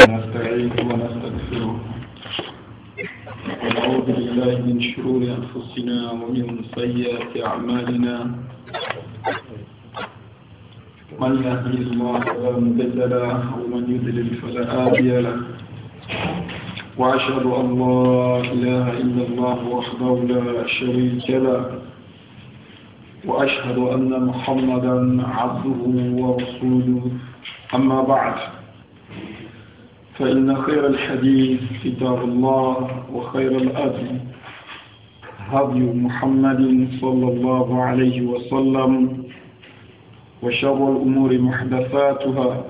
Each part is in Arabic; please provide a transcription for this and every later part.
ونستعين ونستغفره ونعوذ بالله من شرور أنفسنا ومن سيئات أعمالنا من يهدي الله فلا مضل له ومن يضلل فلا هادي له وأشهد أن لا إله إلا الله وحده لا شريك له وأشهد أن محمدا عبده ورسوله أما بعد فإن خير الحديث كتاب الله وخير الأدب هدي محمد صلى الله عليه وسلم وشر الأمور محدثاتها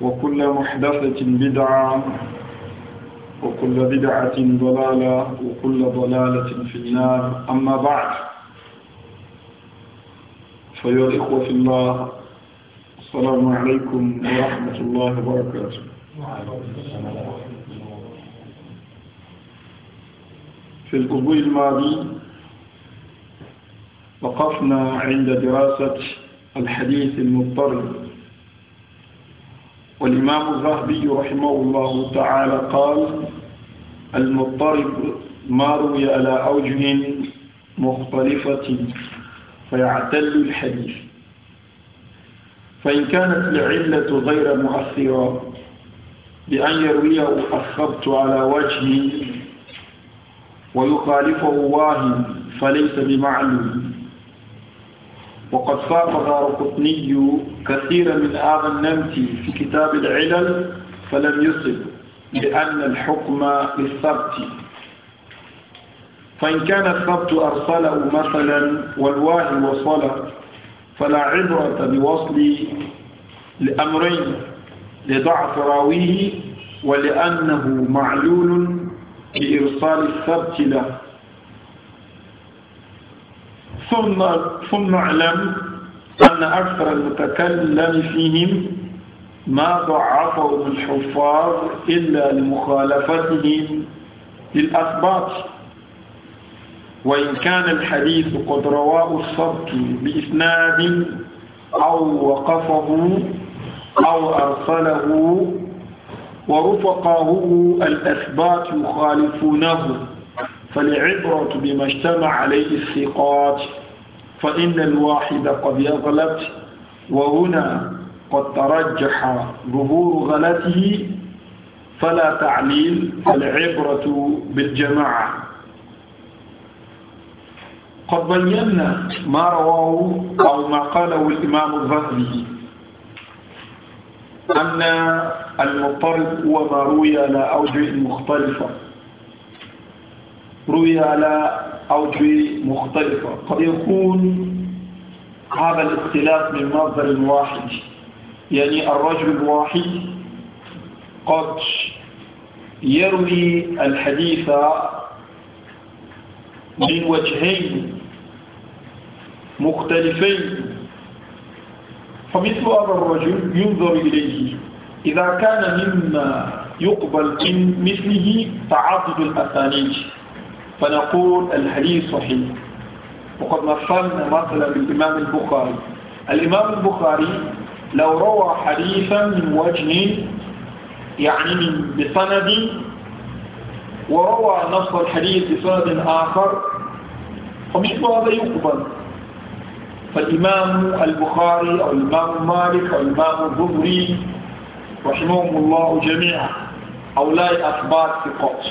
وكل محدثة بدعة وكل بدعة ضلالة وكل ضلالة في النار أما بعد فيا إخوة في الله السلام عليكم ورحمة الله وبركاته في الأسبوع الماضي وقفنا عند دراسة الحديث المضطرب والإمام الذهبي رحمه الله تعالى قال المضطرب ما روي على أوجه مختلفة فيعتل الحديث فإن كانت العلة غير مؤثرة بأن يرويه أخبت على وجهه ويخالفه واهم فليس بمعلوم وقد فاق دار قطني كثيرا من هذا النمت في كتاب العلل فلم يصب لأن الحكم للثبت فإن كان الثبت أرسله مثلا والواهي وصله فلا عبرة بوصل لأمرين لضعف راويه ولأنه معلول بإرسال الثبت له ثم ثم اعلم أن أكثر المتكلم فيهم ما ضعفهم الحفاظ إلا لمخالفتهم للأثبات وإن كان الحديث قد رواه الصبت بإسناد أو وقفه أو أرسله ورفقه الأثبات يخالفونه فالعبرة بما اجتمع عليه الثقات فإن الواحد قد يغلط وهنا قد ترجح ظهور غلطه فلا تعليل العبرة بالجماعة قد بينا ما رواه أو ما قاله الإمام الذهبي أن المضطرب هو ما روي على أوجه مختلفة روي على أوجه مختلفة قد يكون هذا الاختلاف من مصدر واحد يعني الرجل الواحد قد يروي الحديث من وجهين مختلفين فمثل هذا الرجل ينظر إليه إذا كان مما يقبل من مثله تعدد الأسانيد فنقول الحديث صحيح وقد مثلنا مثلا بالإمام البخاري الإمام البخاري لو روى حديثا من وجه يعني من بسند وروى نص الحديث بسند آخر فمثل هذا يقبل فالإمام البخاري أو الإمام مالك أو الإمام الظهري رحمهم الله جميعا هؤلاء أثبات ثقات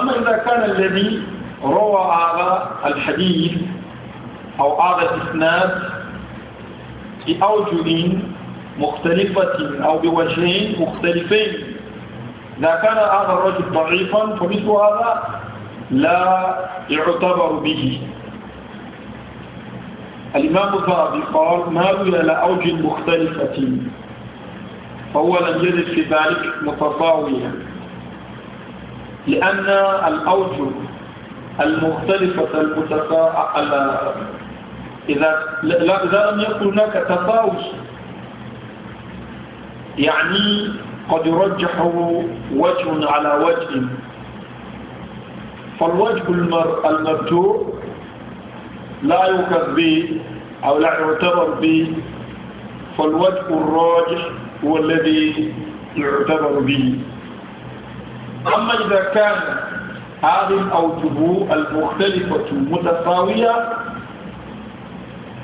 أما إذا كان الذي روى هذا الحديث أو هذا الإسناد بأوجه مختلفة أو بوجهين مختلفين إذا كان هذا الرجل ضعيفا فمثل هذا لا يعتبر به الإمام الذهبي قال ما إلى أوج مختلفة فهو لم يجد في ذلك متضاوية لأن الأوج المختلفة المتسا إذا لا إذا لم يكن هناك تفاوت يعني قد يرجح وجه على وجه فالوجه المرجوح لا يوكل به أو لا يعتبر به فالوجه الراجح هو الذي يعتبر به أما إذا كان هذه الأوجه المختلفة متساوية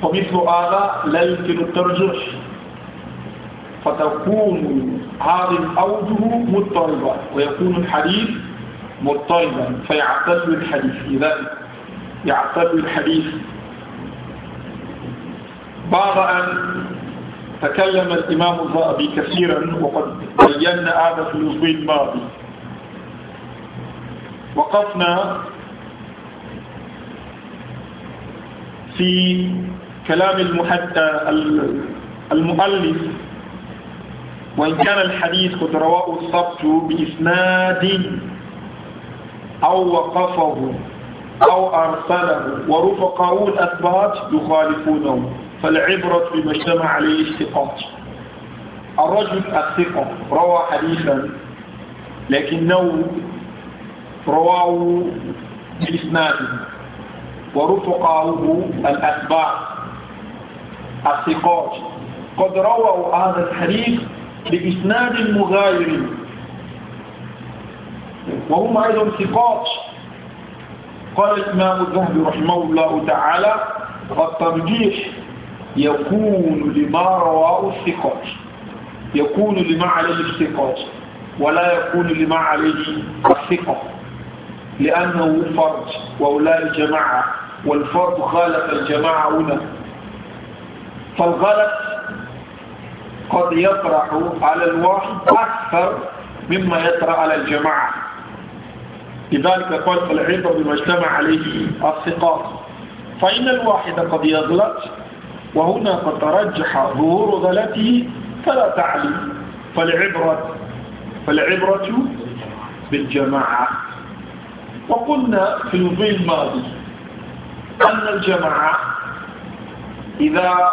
فمثل هذا لا يمكن الترجح فتكون هذه الأوجه مضطربة ويكون الحديث مضطربا فيعتل الحديث لذلك يعتد الحديث بعد أن تكلم الإمام الذهبي كثيرا وقد بينا هذا في الأسبوع الماضي وقفنا في كلام المؤلف وإن كان الحديث قد رواه الصبت بإسناد أو وقفه أو أرسله ورفقاؤه الأثبات يخالفونه فالعبرة بما اجتمع عليه الثقات الرجل الثقة روى حديثا لكنه رواه بإسناده ورفقه الأتباع الثقات قد رووا هذا الحديث بإسناد مغاير وهم أيضا ثقات قال الإمام الذهبي رحمه الله تعالى الترجيح يكون لما رواه الثقات يكون لما عليه الثقات ولا يكون لما عليه الثقة لأنه فرد وأولاء الجماعة والفرد خالف الجماعة هنا فالغلط قد يطرح على الواحد أكثر مما يطرح على الجماعة لذلك قال العبر بما اجتمع عليه الثقات فإن الواحد قد يغلط وهنا قد ترجح ظهور غلطه فلا تعلم فالعبرة فالعبرة بالجماعة وقلنا في المضي الماضي أن الجماعة إذا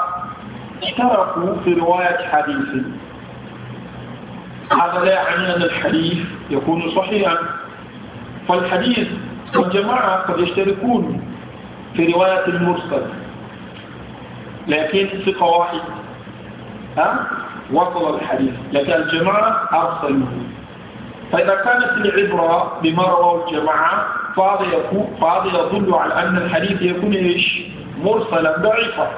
اشتركوا في رواية حديث هذا لا يعني أن الحديث يكون صحيحا فالحديث والجماعة قد يشتركون في رواية المرسل لكن ثقة واحد ها وصل الحديث لكن الجماعة أرسلوه فإذا كانت العبرة بما رواه الجماعة فهذا يكون فهذا يدل على أن الحديث يكون إيش؟ مرسلا ضعيفا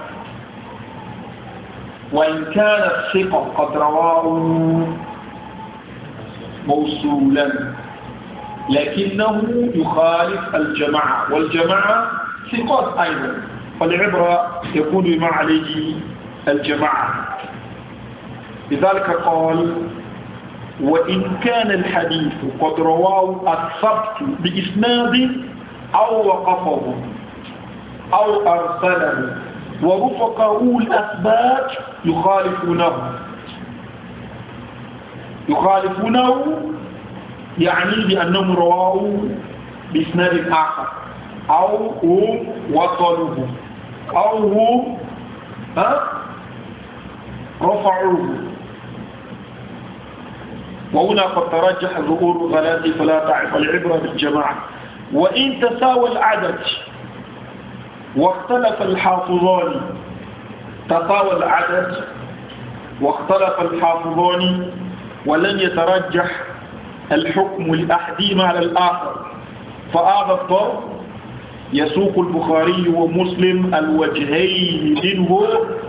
وإن كانت الثقة قد رواه موصولا لكنه يخالف الجماعة والجماعة ثقات أيضا فالعبرة يكون بما عليه الجماعة لذلك قال وإن كان الحديث قد رواه الثبت بإسناد أو وقفه أو أرسله ورفقه الأثبات يخالفونه يخالفونه يعني بأنهم رواه بإسناد آخر أو هم وصلوه أو هم رفعوه وهنا قد ترجح ظهور ثلاثة فلا تعرف العبرة بالجماعة وإن تساوى العدد واختلف الحافظان تساوى العدد واختلف الحافظان ولن يترجح الحكم لأحدهما على الآخر فهذا الطرف يسوق البخاري ومسلم الوجهين منه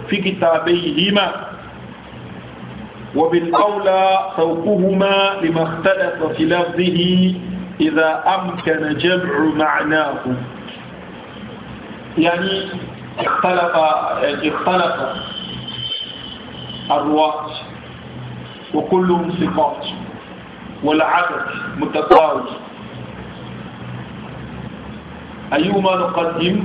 في كتابيهما وبالأولى فوقهما لما اختلف في لفظه إذا أمكن جمع معناه يعني اختلف اختلف الرواة وكلهم ثقات والعدد متطاول أيما نقدم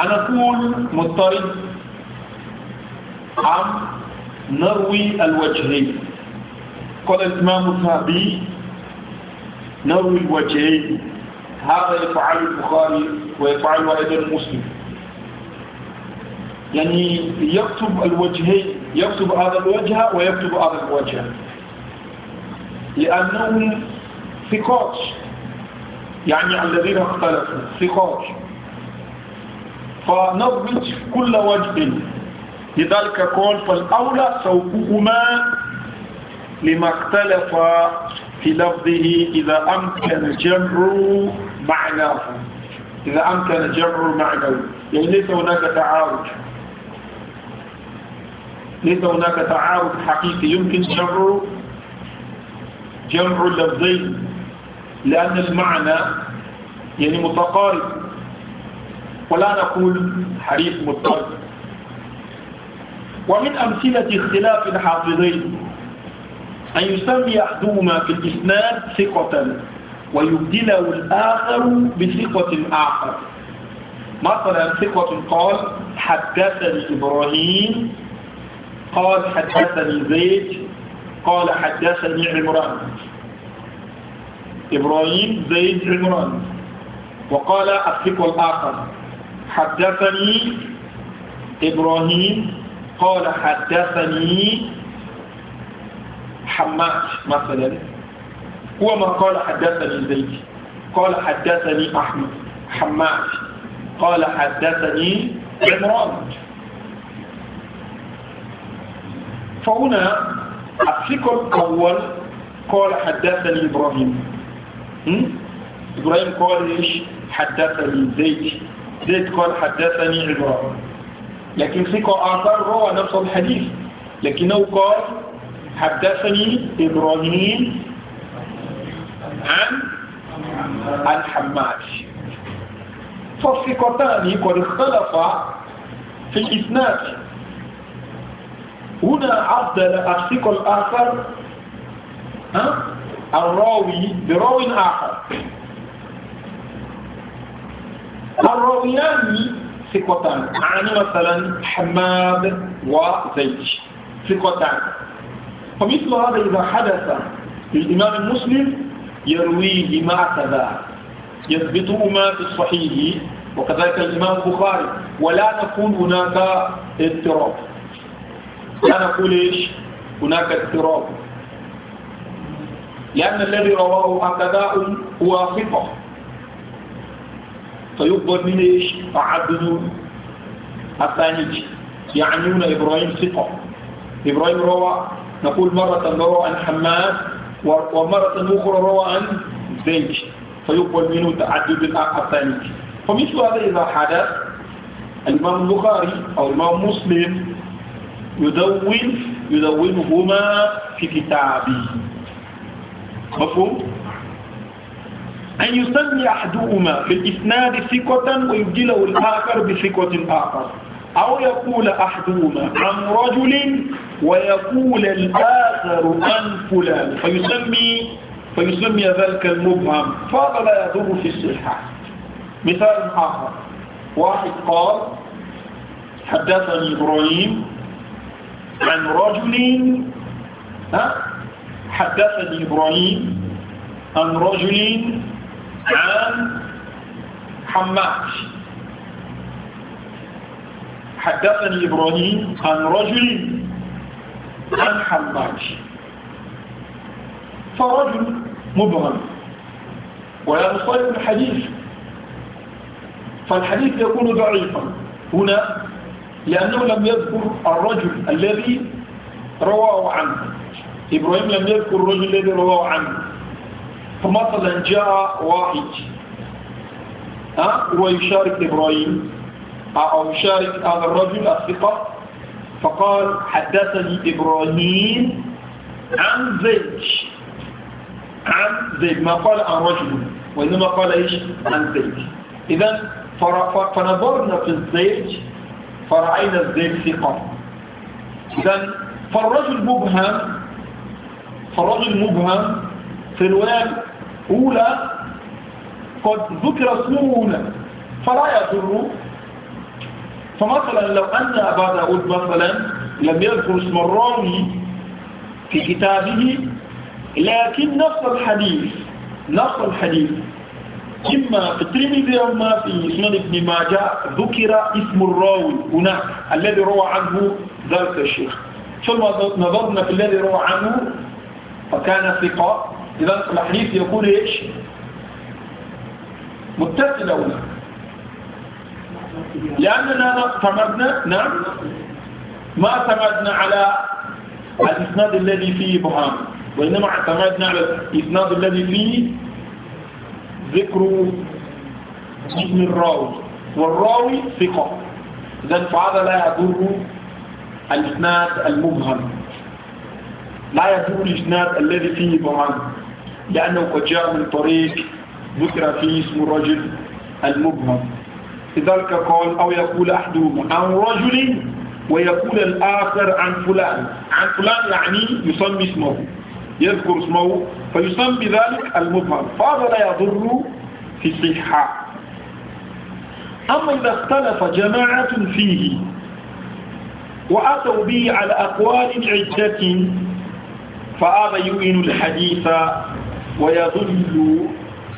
أن أقول مضطرب أم نروي الوجهين قال الإمام الثابي نروي الوجهين هذا يفعل البخاري ويفعله أيضا مسلم يعني يكتب الوجهين يكتب هذا الوجه ويكتب هذا الوجه لأنهم ثقات يعني الذين اختلفوا ثقات فنضبط كل وجه لذلك قول فالأولى سوقهما لما اختلف في لفظه إذا أمكن جر معناه إذا أمكن جر معناه يعني ليس هناك تعارض ليس هناك تعارض حقيقي يمكن جمع جمع اللفظين لأن المعنى يعني متقارب ولا نقول حريف مضطرب ومن أمثلة اختلاف الحافظين أن يسمي أحدهما في الإسناد ثقة ويبدله الآخر بثقة آخر مثلا ثقة قال حدثني إبراهيم قال حدثني زيد قال حدثني عمران إبراهيم زيد عمران وقال الثقة الآخر حدثني إبراهيم قال حدثني حماد مثلا هو ما قال حدثني زيد قال حدثني أحمد حماد قال حدثني عمران فهنا الفكر الأول قال حدثني إبراهيم إبراهيم قال إيش حدثني زيد زيد قال حدثني إبراهيم لكن ثقة آخر روى نفس الحديث لكنه قال حدثني إبراهيم عن الحماد فالثقتان قد اختلفا في الإسناد هنا عدل الثقة الآخر ها الراوي براوي آخر الراويان ثقتان يعني مثلا حماد وزيد ثقتان فمثل هذا إذا حدث الإمام المسلم يرويه ما كذا يثبتهما في الصحيح وكذلك الإمام البخاري ولا تكون هناك اضطراب لا نقول إيش هناك اضطراب لأن الذي رواه هكذا هو ثقة فيقبل من إيش تعدد الثاني يعنيون إبراهيم ثقة إبراهيم روى نقول مرة روى عن حماد ومرة أخرى روى عن زيد فيقبل منه تعدد الثاني فمثل هذا إذا حدث الإمام البخاري أو الإمام مسلم يدون يدونهما في كتابه مفهوم؟ أن يسمي أحدهما في الإسناد ثقة ويبدله الآخر بثقة آخر أو يقول أحدهما عن رجل ويقول الآخر عن فلان فيسمي فيسمي ذلك المبهم فهذا لا يضر في الصحة مثال آخر واحد قال حدثني إبراهيم عن رجل حدثني إبراهيم عن رجل عن حماد حدثني إبراهيم عن رجل عن حماد فرجل مبهم ولا الحديث فالحديث يكون ضعيفا هنا لأنه لم يذكر الرجل الذي رواه عنه إبراهيم لم يذكر الرجل الذي رواه عنه فمثلا جاء واحد ها أه؟ ويشارك إبراهيم أو يشارك هذا الرجل الثقة فقال حدثني إبراهيم عن زيد عن زيد ما قال عن رجل وإنما قال إيش عن زيد إذا فنظرنا في الزيد فرأينا الزيت ثقة إذا فالرجل مبهم فالرجل مبهم في الرواية الأولى قد ذكر اسمه هنا فلا يضر فمثلا لو أن أبا داود مثلا لم يذكر اسم الراوي في كتابه لكن نفس الحديث نفس الحديث إما في الترمذي أو ما في سنن ابن ماجه ذكر اسم الراوي هنا الذي روى عنه ذلك الشيخ ثم نظرنا في الذي روى عنه فكان ثقة إذا الحديث يقول إيش متصل أو لأننا نعم، اعتمدنا نعم ما اعتمدنا على الإسناد الذي فيه بهام وإنما اعتمدنا على الإسناد الذي فيه ذكر اسم الراوي والراوي ثقة إذا فهذا لا يضر الإسناد المبهم لا يضر الإسناد الذي فيه ضمان لأنه قد جاء من طريق ذكر فيه اسم الرجل المبهم لذلك قال أو يقول أحدهما عن رجل ويقول الآخر عن فلان عن فلان يعني يسمي اسمه يذكر اسمه فيسمى بذلك المظهر فهذا لا يضر في الصحة أما إذا اختلف جماعة فيه وأتوا به على أقوال عدة فهذا يؤمن الحديث ويدل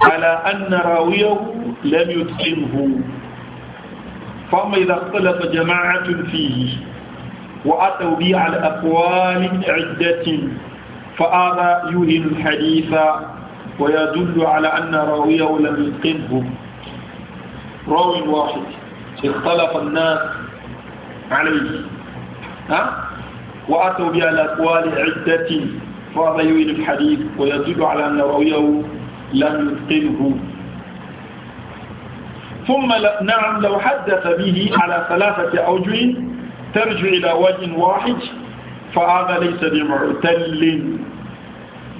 على أن راويه لم يتقنه فأما إذا اختلف جماعة فيه وأتوا به على أقوال عدة فهذا يوهن الحديث ويدل على أن راويه لم يتقنه راوي واحد اختلف الناس عليه ها وأتوا بها الأقوال عدة فهذا يوهن الحديث ويدل على أن راويه لم يتقنه ثم نعم لو حدث به على ثلاثة أوجه ترجع إلى وجه واحد فهذا ليس بمعتل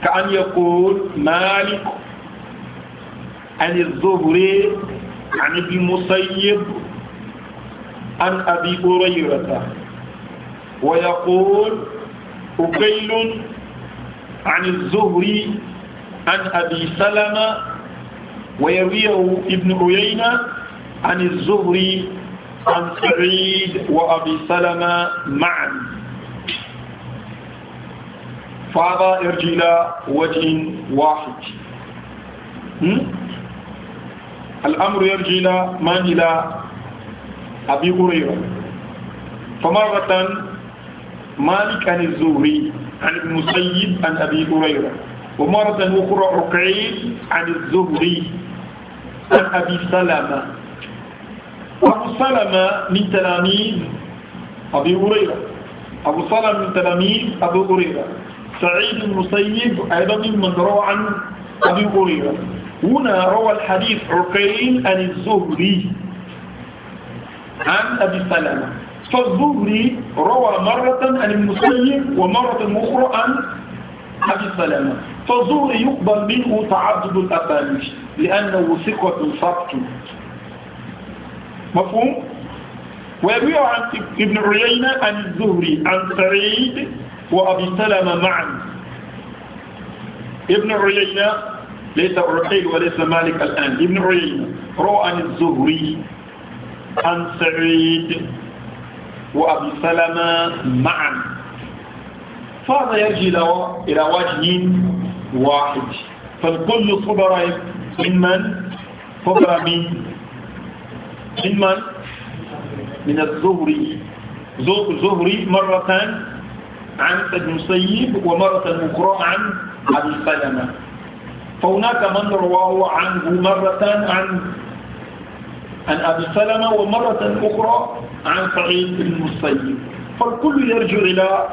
كأن يقول مالك عن الزهري عن ابن المسيب عن أبي هريرة ويقول أكيل عن الزهري عن أبي سلمة ويرويه ابن عيينة عن الزهري عن سعيد وأبي سلمة معا فهذا يرجع إلى وجه واحد الأمر يرجع إلى من إلى أبي هريرة فمرة مالك عن الزهري عن المسيب عن أبي هريرة ومرة أخرى عقيل عن الزهري عن أبي سلمة أبو سلمة من تلاميذ أبي هريرة أبو سلمة من تلاميذ أبو هريرة سعيد المسيب أيضا من روى عن أبي هريرة هنا روى الحديث عقيل عن الزهري عن أبي سلمة فالزهري روى مرة عن المسيب ومرة أخرى عن أبي سلمة فالزهري يقبل منه تعدد الأسانيد لأنه ثقة ثبت مفهوم؟ ويروي عن ابن عيينة عن الزهري عن سعيد وأبي سلمة معا ابن عيينة ليس الرحيل وليس مالك الآن ابن عيينة روى عن الزهري عن سعيد وأبي سلمة معا فهذا يرجي إلى وجه واحد فالكل صبر من من صبر من من من الزهري زهري مرتان عن ابن مسيب ومرة أخرى عن أبي سلمة فهناك من رواه عنه مرة عن عن أبي سلمة ومرة أخرى عن سعيد بن المسيب فالكل يرجع إلى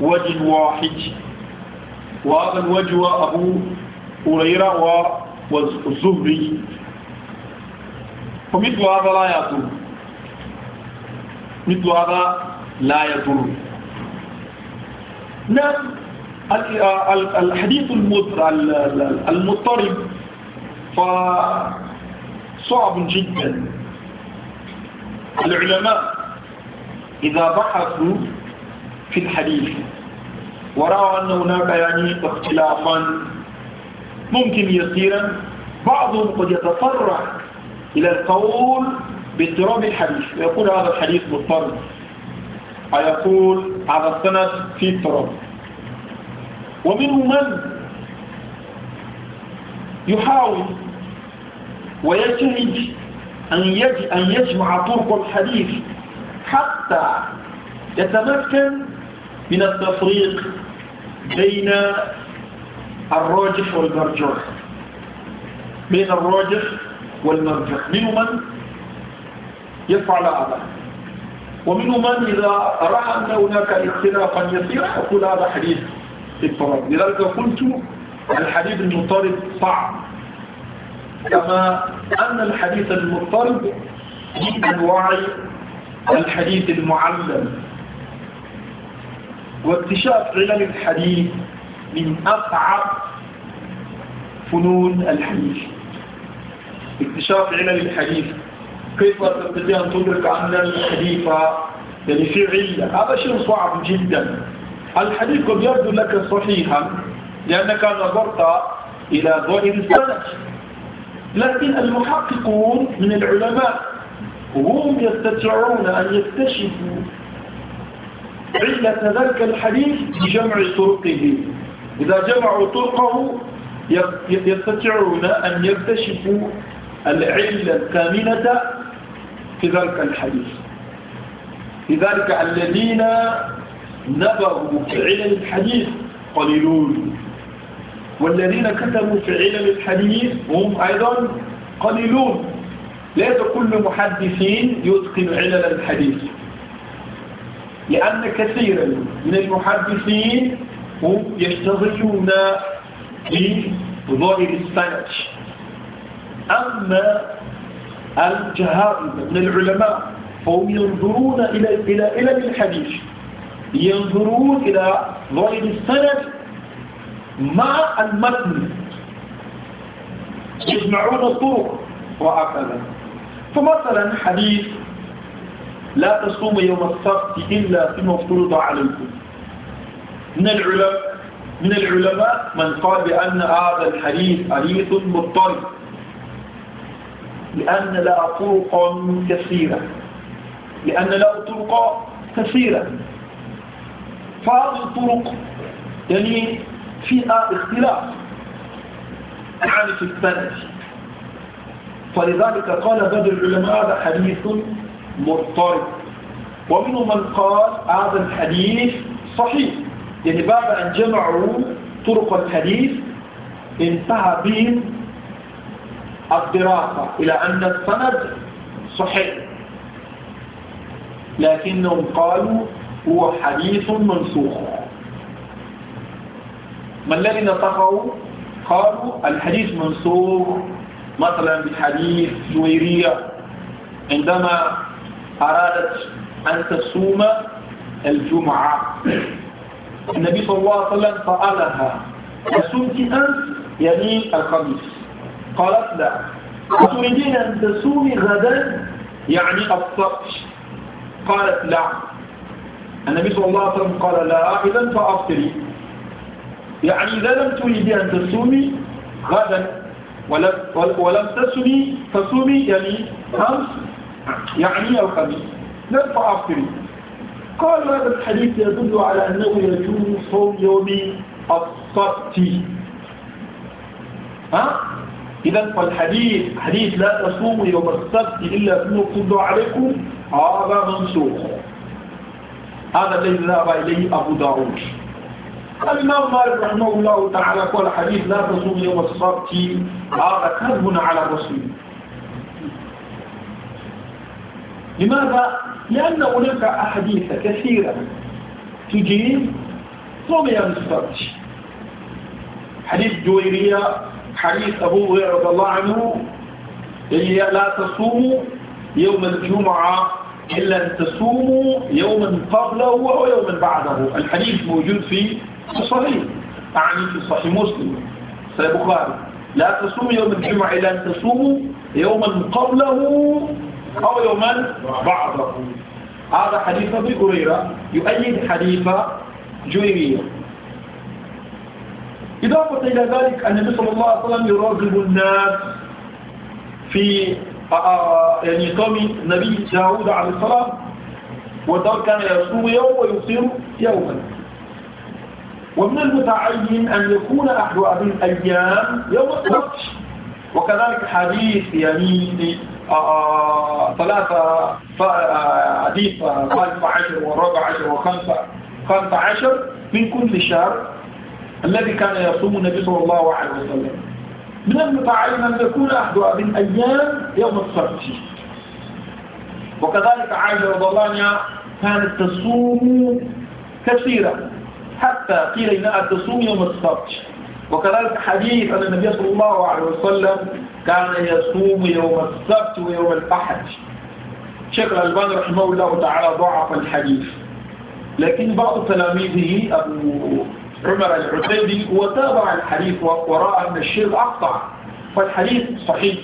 وجه واحد وهذا الوجه أبو هريرة والزهري فمثل هذا لا يضر مثل هذا لا يضر نعم الحديث المضطرب فصعب جدا العلماء إذا بحثوا في الحديث ورأوا أن هناك يعني اختلافا ممكن يسيرا بعضهم قد يتطرق إلى القول باضطراب الحديث ويقول هذا الحديث مضطرب فيقول هذا السند في التراب ومنهم من يحاول ويجتهد أن يجمع طرق الحديث حتى يتمكن من التفريق بين الراجح والمرجوح بين الراجح والمرجوح منهم من يفعل هذا ومنهم من إذا رأى أن هناك اختلافا يسيرا يقول هذا حديث اضطراب لذلك قلت الحديث المضطرب صعب كما أن الحديث المضطرب من أنواع الحديث المعلم واكتشاف علل الحديث من أصعب فنون الحديث اكتشاف علل الحديث كيف تستطيع أن تدرك أن الحديث يعني في علة هذا شيء صعب جدا الحديث قد يبدو لك صحيحا لأنك نظرت إلى ظاهر السند لكن المحققون من العلماء هم يستطيعون أن يكتشفوا علة ذلك الحديث بجمع طرقه إذا جمعوا طرقه يستطيعون أن يكتشفوا العلة الكامنة في ذلك الحديث لذلك الذين نبغوا في علم الحديث قليلون والذين كتبوا في علم الحديث هم أيضا قليلون ليس كل محدث يتقن علم الحديث لأن كثيرا من المحدثين هم يشتغلون بظاهر السنج أما الجهائز من العلماء فهم ينظرون إلى إلى إلى الحديث ينظرون إلى ظاهر السند مع المتن يجمعون الطرق وهكذا فمثلا حديث لا تصوم يوم السبت إلا فيما افترض عليكم من العلماء من العلماء من قال بأن هذا الحديث حديث مضطرب لأن لا طرقا كثيرة لأن له طرق كثيرة فهذه الطرق يعني فيها اختلاف يعني في الثلاث فلذلك قال بعض العلماء هذا حديث مضطرب ومنهم من قال هذا الحديث صحيح يعني بعد أن جمعوا طرق الحديث انتهى بهم الدراسة إلى أن السند صحيح لكنهم قالوا هو حديث منسوخ ما الذي نطقه قالوا الحديث منسوخ مثلا بحديث جويرية عندما أرادت أن تصوم الجمعة النبي صلى الله عليه وسلم سألها أصمت أنت يعني الخميس قالت لا أتريدين أن تصومي غدا يعني أفطرت قالت لا النبي صلى الله عليه وسلم قال لا إذا فأفطري يعني إذا لم تريدي أن تصومي غدا ولم ولم تصومي تصومي يعني أمس يعني الخميس لن فأفطري قال هذا الحديث يدل على أنه يجوز صوم يوم الصبت ها إذا فالحديث حديث لا تصوموا يوم السبت إلا فيما افترض عليكم هذا منسوخ هذا الذي ذهب إليه أبو داود الإمام مالك رحمه الله تعالى قال حديث لا تصوم يوم السبت هذا كذب على الرسول لماذا؟ لأن هناك أحاديث كثيرة تجيب صوم يوم السبت حديث جويرية حديث أبو هريرة رضي الله عنه اللي لا تصوموا يوم الجمعة إلا أن تصوموا يوما قبله أو يوما بعده الحديث موجود في الصحيح أعني في صحيح مسلم صحيح بخاري لا تصوموا يوم الجمعة إلا أن تصوموا يوما قبله أو يوما بعده هذا حديث أبي هريرة يؤيد حديث جويرية إضافة إلى ذلك أن النبي صلى الله عليه وسلم يراقب الناس في آه، آه، يعني قوم النبي داود عليه السلام والسلام كان يصوم يوم ويصوم يوما ومن المتعين أن يكون أحد هذه الأيام يوم السبت وكذلك حديث يعني آه، ثلاثة حديث ثالث عشر والرابع عشر وخمسة خمسة عشر من كل شهر الذي كان يصوم النبي صلى الله عليه وسلم من المتعين أن يكون أحدها من أيام يوم السبت وكذلك عائشة رضي الله عنها كانت تصوم كثيرا حتى قيل إنها تصوم يوم السبت وكذلك حديث أن النبي صلى الله عليه وسلم كان يصوم يوم السبت ويوم الأحد شيخ الألباني رحمه الله تعالى ضعف الحديث لكن بعض تلاميذه أبو عمر العتيبي وتابع الحديث ورأى أن الشرك أقطع فالحديث صحيح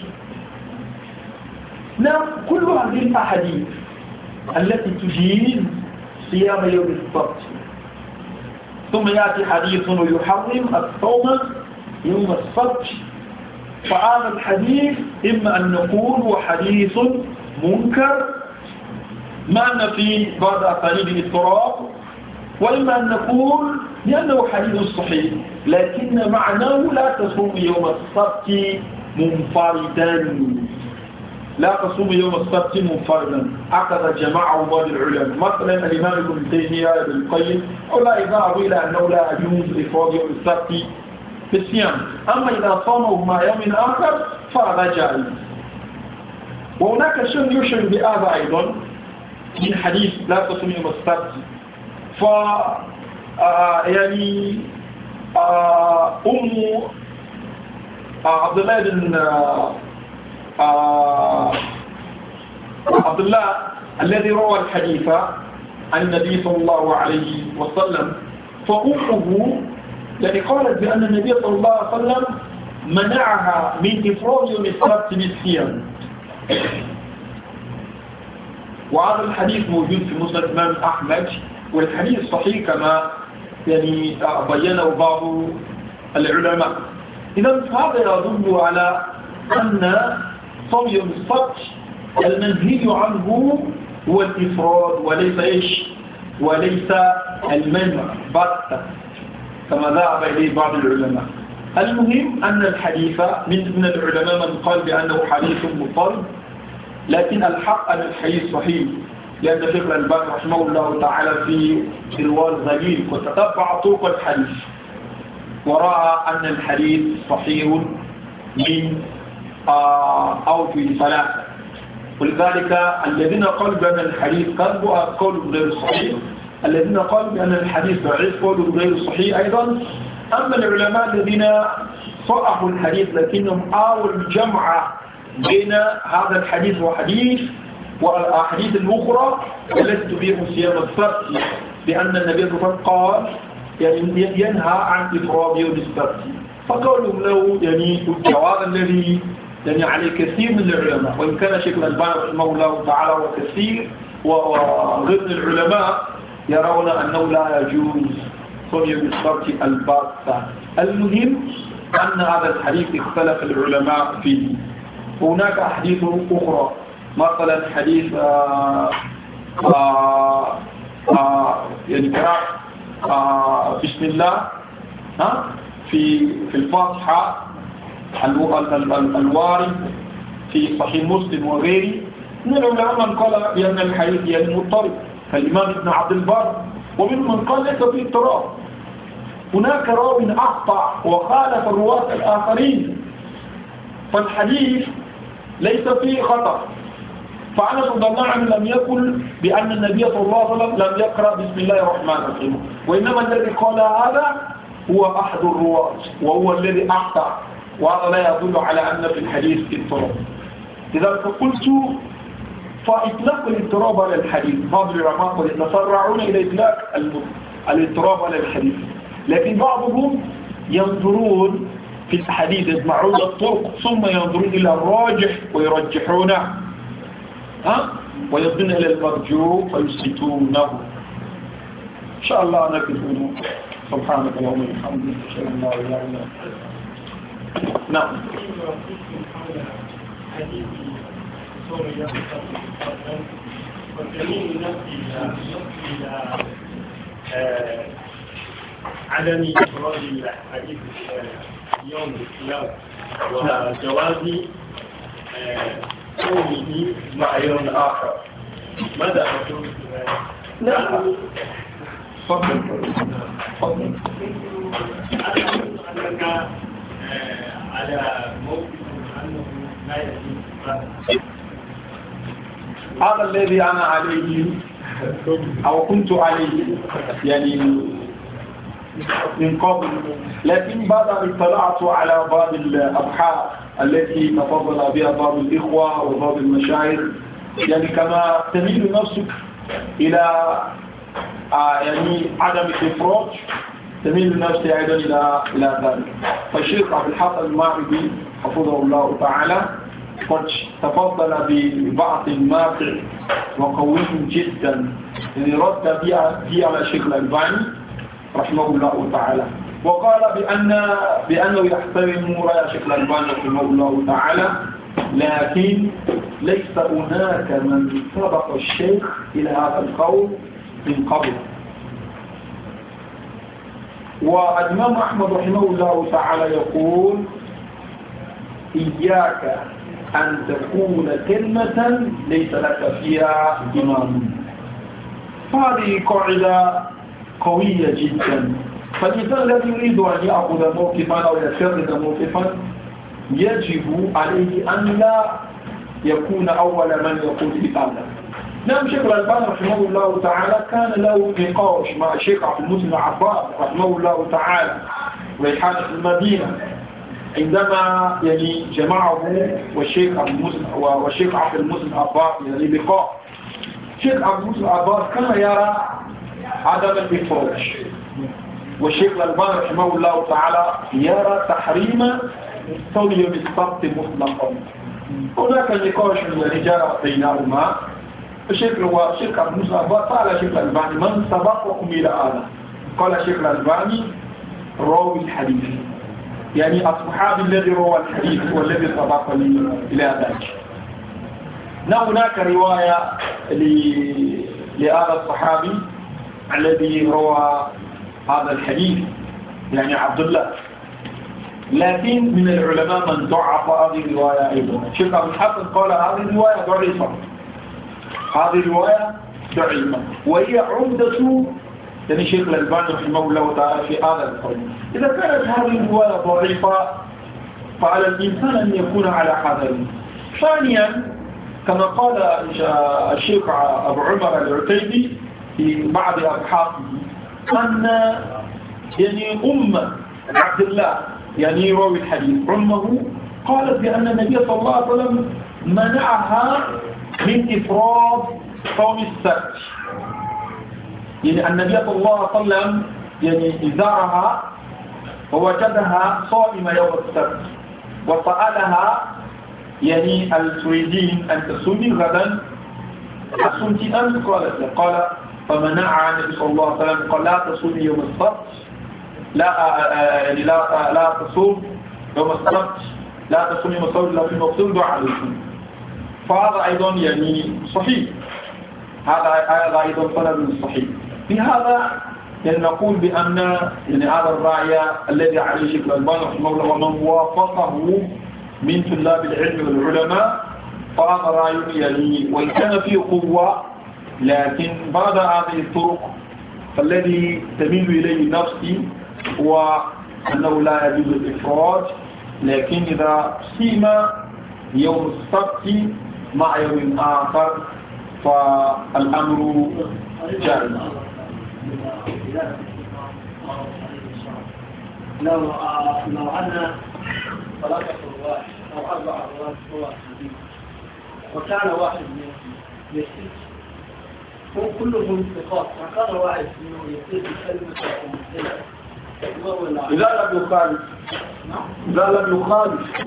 نعم كل هذه الأحاديث التي تجيز صيام يوم السبت ثم يأتي حديث ويحرم الصوم يوم السبت فهذا الحديث إما أن نقول هو حديث منكر ما أن في بعض أساليب الاضطراب وإما أن نقول لأنه حديث صحيح لكن معناه لا تصوم يوم السبت منفردا لا تصوم يوم السبت منفردا أخذ جماعه بعض العلماء مثلا الإمام ابن تيمية ابن القيم أولئك ذهبوا إلى أنه لا يجوز إفراد يوم السبت بالصيام أما إذا صامه مع يوم آخر فهذا جائز وهناك شيء يشير بهذا أيضا من حديث لا تصوم يوم السبت ف آه، يعني آه، أم آه، عبد الله بن عبد الله الذي روى الحديث عن النبي صلى الله عليه وسلم فأمه يعني قالت بأن النبي صلى الله عليه وسلم منعها من إفراد يوم السبت بالصيام وهذا الحديث موجود في مسند الإمام أحمد والحديث صحيح كما يعني بينه بعض العلماء إذا هذا يدل على أن صوي الصدق المنهي عنه هو الإفراد وليس إيش وليس المنع بطة كما ذهب إليه بعض العلماء المهم أن الحديث من من العلماء من قال بأنه حديث مضطرب لكن الحق أن الحديث صحيح لأن الشيخ الألباني رحمه الله تعالى في إلواء غليل وتتبع طرق الحديث ورأى أن الحديث صحيح من آه، أو في ثلاثة ولذلك الذين قالوا بأن الحديث كذب قول غير صحيح الذين قالوا بأن الحديث ضعيف قول غير صحيح أيضا أما العلماء الذين صححوا الحديث لكنهم آووا الجمع بين هذا الحديث وحديث والأحاديث الأخرى التي تبيح صيام السبت لأن النبي صلى الله عليه وسلم قال يعني ينهى عن إفراد يوم السبت فقالوا له يعني الجواب الذي يعني عليه كثير من العلماء وإن كان شيخ الألباني رحمه الله تعالى وكثير وغير العلماء يرون أنه لا يجوز صوم يوم السبت الباطة المهم أن هذا الحديث اختلف العلماء فيه هناك أحاديث أخرى مثلا حديث آآ آه، آآ آه، آآ آه، يعني قراءة بسم الله ها في في الفاتحة الواري في صحيح مسلم وغيره من العلماء من قال بأن الحديث يعني مضطرب فالإمام ابن عبد البر ومن من قال ليس في اضطراب هناك راو أخطأ وخالف الرواة الآخرين فالحديث ليس فيه خطأ فعلى رضي الله عنه لم يقل بأن النبي صلى الله عليه وسلم لم يقرأ بسم الله الرحمن الرحيم وإنما الذي قال هذا هو أحد الرواة وهو الذي أخطأ وهذا لا يدل على أن في الحديث اضطراب إذا قلت فإطلاق الاضطراب على الحديث بعض العلماء قد يتسرعون إلى إطلاق الاضطراب على الحديث لكن بعضهم ينظرون في الحديث يجمعون الطرق ثم ينظرون إلى الراجح ويرجحونه ها ويضن إلى المرجو فيسكتونه إن شاء الله أنا في الهدوء سبحانك اللهم وبحمدك أشهد أن لا إله إلا أنت نعم وتميل النفس إلى عدم إخراج الحديث آه، يوم الإسلام نعم. وجواز آه، قوله مع يوم آخر ماذا أقول؟ نعم فضل فضل أنك آه، على موقف أنه لا يجوز هذا الذي أنا عليه أو كنت عليه يعني من قبل لكن بعد أن اطلعت على بعض الأبحاث التي تفضل بها بعض الإخوة وبعض المشايخ يعني كما تميل نفسك إلى آه، يعني عدم الإفراج تميل نفسي أيضا إلى إلى ذلك فالشيخ عبد الحسن المعربي حفظه الله تعالى قد تفضل ببعض الماقع وقوي جدا يعني رد بها على الشيخ الألباني رحمه الله تعالى وقال بأن بأنه يحترم رأي شكل الألباني رحمه الله تعالى لكن ليس هناك من سبق الشيخ إلى هذا القول من قبل والإمام أحمد رحمه الله تعالى يقول إياك أن تكون كلمة ليس لك فيها إمام هذه قاعدة قوية جدا فالإنسان الذي يريد أن يأخذ موقفا أو يسرد موقفا يجب عليه أن لا يكون أول من يقول إتعلم نعم شيخ الألبان رحمه الله تعالى كان له نقاش مع شيخ عبد المسلم عباد رحمه الله تعالى ريحانة المدينة عندما يعني جمعه والشيخ عبد المسلم والشيخ عبد المسلم عباد يعني لقاء شيخ عبد المسلم عباد كان يرى عدم النقاش والشيخ الألباني رحمه الله تعالى يرى تحريم صلي يوم السبت مطلقا هناك نقاش جرى بينهما الشيخ الشيخ أبو موسى قال الشيخ الألباني من سبقكم إلى هذا قال الشيخ الألباني راوي الحديث يعني الصحابي الذي روى الحديث هو الذي سبقني إلى ذلك هناك رواية لهذا الصحابي الذي روى هذا الحديث يعني عبد الله لكن من العلماء من ضعف هذه الرواية أيضا الشيخ أبو الحسن قال هذه الرواية ضعيفة هذه الرواية ضعيفة وهي عمدة يعني شيخ الألباني رحمه الله تعالى في هذا القول إذا كانت هذه الرواية ضعيفة فعلى الإنسان أن يكون على حذر ثانيا كما قال الشيخ أبو عمر العتيبي في بعض أبحاثه أن يعني أم عبد الله يعني روي الحديث أمه قالت بأن النبي صلى الله عليه وسلم منعها من إفراد صوم السبت يعني النبي صلى الله عليه وسلم يعني إزارها ووجدها صائمة يوم السبت وسألها يعني أن تريدين أن تصومي غدا أصمت أمس قالت قال فمنع النبي صلى الله عليه وسلم قال لا تصوم يوم السبت لا آه، آه، آه، يعني لا لا تصوم يوم السبت لا تصوم يوم السبت لا في دعاء عليكم فهذا ايضا يعني صحيح هذا هذا ايضا طلب صحيح هذا يعني نقول بان يعني هذا الراعي الذي عليه شكل البان رحمه الله ومن وافقه من طلاب العلم والعلماء فهذا راي يعني وان كان فيه قوه لكن بعد هذه الطرق فالذي تميل إليه نفسي هو أنه لا يجوز الإفراج لكن إذا سيما يوم السبت مع يوم آخر فالأمر جاري لو لو أن ثلاثة رواح أو أربعة رواح هو وكان واحد من الست هو كلهم ثقات كان واحد انه يصير بكلمه إذا لم يخالف إذا لم يخالف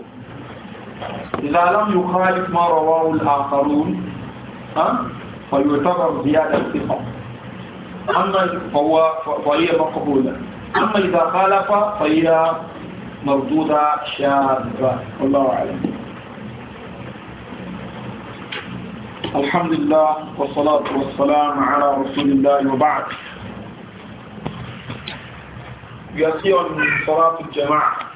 إذا لم يخالف ما رواه الآخرون ها فيعتبر زيادة ثقة أما فهو فهي مقبولة أما إذا خالف فهي مردودة شاذة والله أعلم الحمد لله والصلاة والسلام على رسول الله وبعد يسير صلاة الجماعة